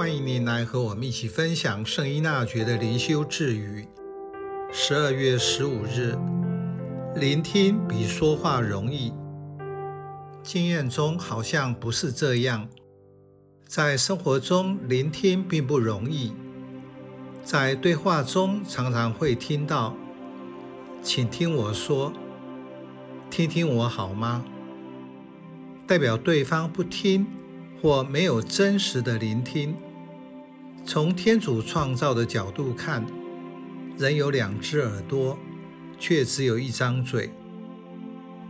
歡迎您來和我們一起分享聖依納爵的靈修智語。十二月十五日，聆聽比說話容易。經驗中好像不是這樣，在生活中聆聽並不容易。在對話中常常會聽到，請聽我說，聽聽我好嗎？代表對方不聽或沒有真實的聆聽。從天主創造的角度看，人有兩隻耳朵，卻只有一張嘴。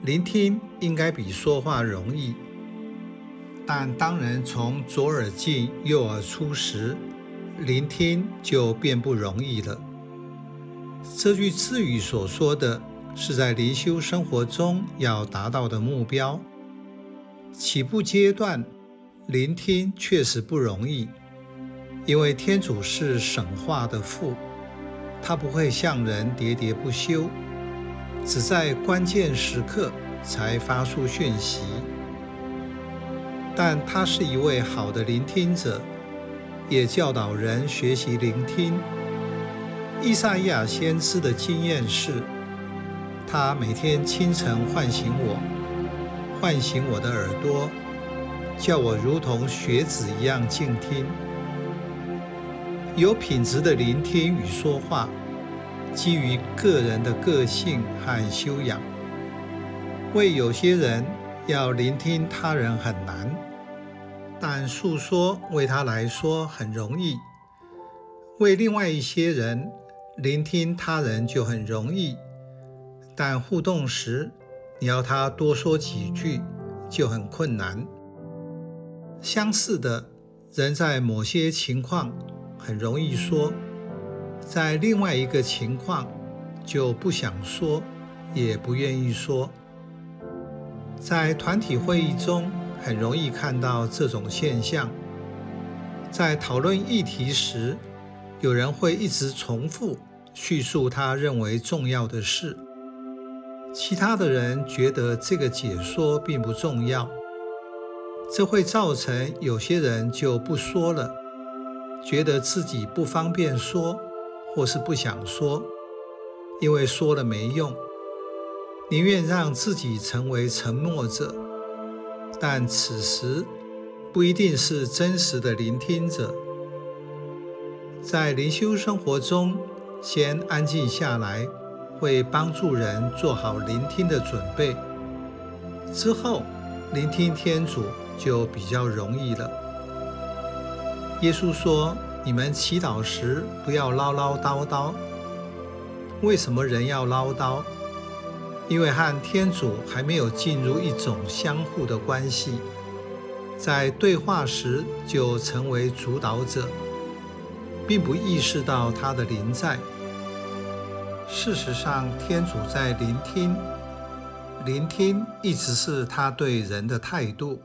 聆聽應該比說話容易，但當人從左耳進右耳出時，聆聽就變不容易了。這句智語所說的是在靈修生活中要達到的目標。起步階段，聆聽確實不容易。因為天主是省話的父，他不會向人喋喋不休，只在關鍵時刻才發出訊息。但他是一位好的聆聽者，也教導人學習聆聽。依撒意亞先知的經驗是，他每天清晨喚醒我，喚醒我的耳朵，叫我如同學子一樣靜聽。有品質的聆聽與說話，基於個人的個性和修養。為有些人，要聆聽他人很難，但訴說為他來說很容易；為另外一些人，聆聽他人就很容易，但互動時你要他多說幾句就很困難。相似的，人在某些情況，很容易說，在另外一個情況就不想說，也不願意說。在團體會議中，很容易看到這種現象。在討論議題時，有人會一直重複敘述他認為重要的事，其他的人覺得這個解說並不重要，這會造成有些人就不說了。覺得自己不方便說，或是不想說，因為說了沒用，寧願讓自己成為沉默者。但此時不一定是真實的聆聽者。在靈修生活中，先安靜下來，會幫助人做好聆聽的準備。之後，聆聽天主就比較容易了。耶穌說：“你們祈禱時不要嘮嘮叨叨。為什麼人要嘮叨？因為和天主還沒有進入一種相互的關係，在對話時就成為主導者，並不意識到他的臨在。事實上，天主在聆聽，聆聽一直是他對人的態度。”